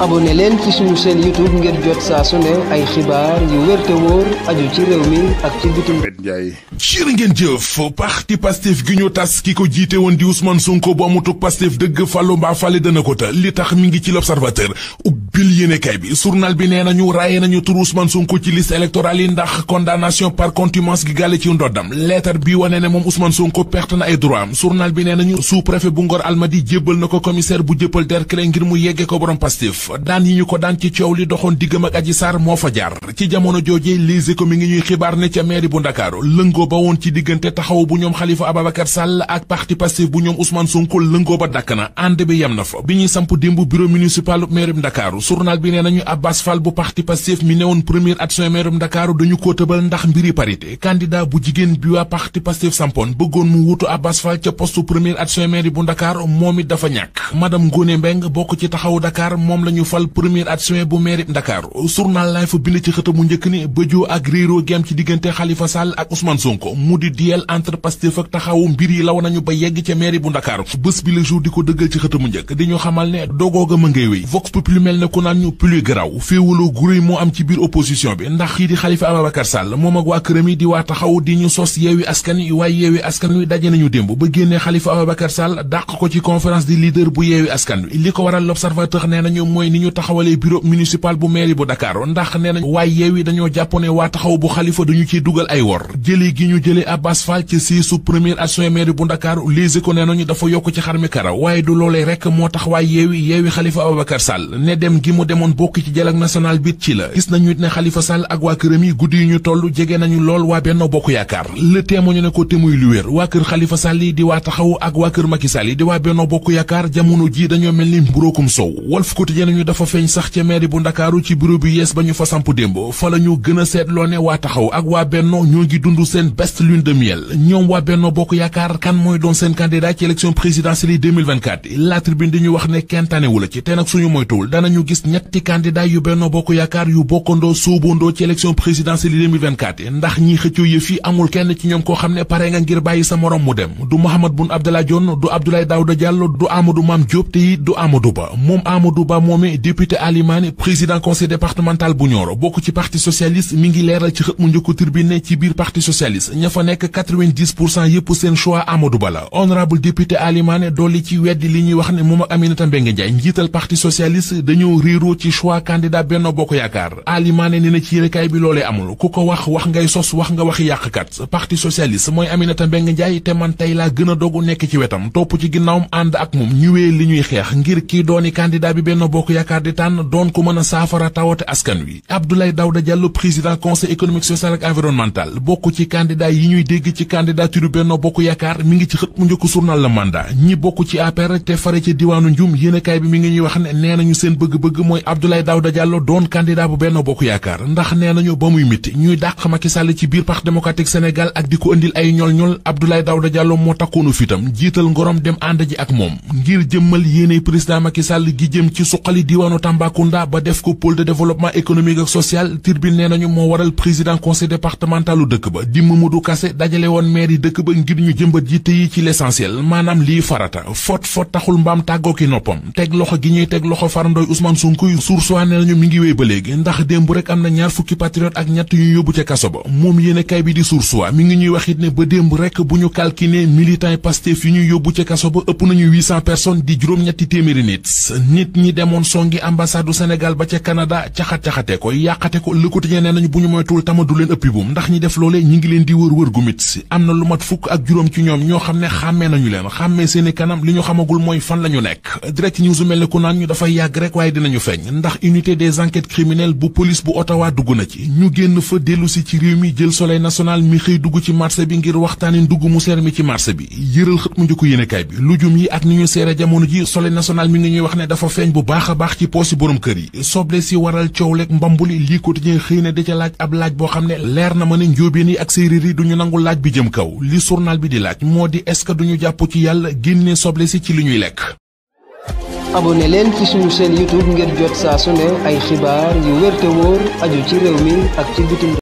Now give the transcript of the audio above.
abonné leen ci suñu chaîne YouTube ngir jot saa su ne ay xibaar yu wér wóor aju ci réew mi ak ci bitim réew. jërë ngeen jëf parti gi ñu tas ki ko jiite woon di Ousmane Sonko bu amutuk Pastef dëgg fàllu mbaa fàlle dana ko ta li tax mi ngi ci l'observateur ubbil yéenekaay bi journal bi nee nañu raaye nañu tur Ousmane Sonko ci liste électorale yi ndax condamnation par contumace gi gàlle ci ndoddam leetar bi wane ne moom Ousmane Sonko perte na ay droit am journal bi nee nañu sous-préfet bu Ngor Almadi jébbal na ko commissaire bu jëppal Derklé ngir mu yegge ko borom Pastef jëf daan yi ñu ko daan ci coow li doxoon diggam ak Adji moo fa jaar ci jamono jooje Les mi ngi ñuy xibaar ne ca mairie bu Ndakaaru lëngoo ba woon ci diggante taxaw bu ñoom Khalifa Ababacar Sall ak parti Pastef bu ñoom Ousmane Sonko lëngoo ba dakk na ànd bi yem na fa bi ñuy samp démb bureau municipal mairie bu Ndakaaru journal bi nee nañu Abbas Fall bu parti Pastef mi newoon première action mairie bu Ndakaaru dañu ko tëbal ndax mbiri parité candidat ñu fal premier adjoint bu mairie Dakar journal laay fa bind ci xët mu njëkk ni bëjoo ak réeroo gi ci diggante Khalifa Sall ak Ousmane Sonko mu di diel entre Pastef taxawu mbir yi law nañu ba yegg ca mairie bu Dakar bés bi le jour di ko dëggal ci xët njëkk di ñu xamal ne dogoo ga ma wéy vox populi mel ne ku naan ñu plus garaaw féewaloo moo am ci biir opposition bi ndax kii di Khalifa Ababacar Sall moom ak waa këram yi di waa taxaw di mooy ni ñu taxawalee bureau municipal bu mairie bu Dakar ndax nee nañ waaye yeewi dañoo jàppone waa taxaw bu xalifa dañu ciy dugal ay wor jëlee gi ñu jëlee Abbas Fall ci siisu première adjoint mairie bu Dakar lise ko nee nañu dafa yokk ci xarmi kara waaye du loolee rek moo tax waaye yeewi yeewi xalifa Ababacar Sall ne dem gi mu demoon bokk ci dialogue national bi ci la gis nañu ne xalifa Sall ak waa këram yi guddi yu ñu toll jege nañu lool waa Benno Bokk Yaakaar le témoigne ne ko te muy lu wér waa kër di waa taxaw ak waa kër Macky Sall yi waa Benno Bokk Yaakaar jamono ji dañoo mel ni mburóokum soow nañu dafa feeñ sax ca mairie bu ndakaaru ci bureau bi yees ba ñu fa samp démb yu benno bokk yaakaar yu bokkandoo sóobandoo ci élection présidentielle yi 2024 ndax ñi xëccoo du Mahammed Boun Abdallah Dionne du Abdoulaye Daouda Diallo du Amadou Mame Diop te du Amadou Ba moom Dramé député président conseil départemental bu Nioro bokk ci parti socialiste mi ngi leeral ci xët mu njëkku tribune ci biir parti socialiste ña fa nekk 90 seen choix Amadou Ba la honorable député njiital parti socialiste dañoo réeroo ci choix candidat Benno Bokk Yaakaar Ali Mané na ci yérekaay bi loolee amul ku ko wax wax ngay sos wax nga waxi yàqkat parti socialiste mooy Aminata Mbengue Ndiaye te man tey laa gën a dogu nekk ci wetam topp ci ginnaawam yaakaar di tànn doon ko mën a saafara tawate askan wi Abdoulaye Daouda Diallo président conseil économique social ak environnemental bokk ci candidat yi ñuy dégg ci candidature Benno Bokk Yaakaar mi ngi ci xët mu njëkk journal Le Mandat ñi bokk ci APR te fare ci diwaanu Ndioum yéenekaay bi mi ngi ñuy wax ne nee nañu seen bëgg-bëgg mooy Abdoulaye Daouda Diallo doon candidat bu Benno Bokk Yaakaar ndax nee nañu ba muy miti ñuy dàq Macky Sall ci biir Parti démocratique Sénégal ak di ko indil ay ñol-ñol Abdoulaye Daouda Diallo moo takkoonu fitam jiital ngorom dem ànd ji ak moom ngir jëmmal yéene président Macky Sall gi jëm ci suqali diwaanu Tambacounda ba def ko pôle de développement économique ak social Tribune nee nañu moo waral président conseil départementalu dëkk ba di Mamadou kase dajale woon maire yi dëkk ba ngir ñu jëmbat yitte yi ci l'essentiel maanaam lii farata fot fot taxul mbaam tàggoo ki noppam teg loxo gi ñuy teg loxo farandooy Ousmane Sonko source waa ne nañu mi ngi wéy ba léegi ndax démb rek am na ñaar fukki patriote ak ñett ñu yóbbu ca kaso ba moom yéene kay bi di source waa mi ngi ñuy wax it ne ba démb rek bu ñu kalkine militant Pastef yi ñu yóbbu ca kaso ba ëpp nañu 800 personnes di juróom-ñetti nit nit ñi demoon songi ambassade du Sénégal ba ca Canada caxat-caxate ko yàqate ko Le Quotidien nee nañu bu ñu moytuwul tama du leen ëppi buum ndax ñi def loole ñi ngi leen di wër wër gu mit si am na lu mat fukk ak juróom ci ñoom ñoo xam ne xàmmee nañu leen xàmmee seeni kanam li ñu xamagul mooy fan la ñu nekk direct news mel ne ku naan ñu dafay yàgg rek waaye dinañu feeñ ndax unité des enquêtes criminelles bu police bu Ottawa dugg na ci ñu génn fa dellu si ci réew mi jël soleil national mi xëy dugg ci marché bi ngir waxtaani ndugg mu seer mi ci bi yëral xët mu njëkk yéenekaay bi lujum yi ak ni ñu seere jamono ji soleil national ñuy wax ne dafa feeñ bu baax baax ci poos yi borom kër yi soble si waral coow lek mbambuli lii quotidien xëy na da ca laaj ab laaj boo xam ne leer na ma ne njóobeen ni ak séeréer yi duñu nangu laaj bi jëm kaw li journal bi di laaj moo di est-ce que duñu jàpp ci yàlla génne soble si ci li ñuy lekk abonné leen ci suñu chaîne youtube ngir saa su ne ay xibaar yu wér mi ak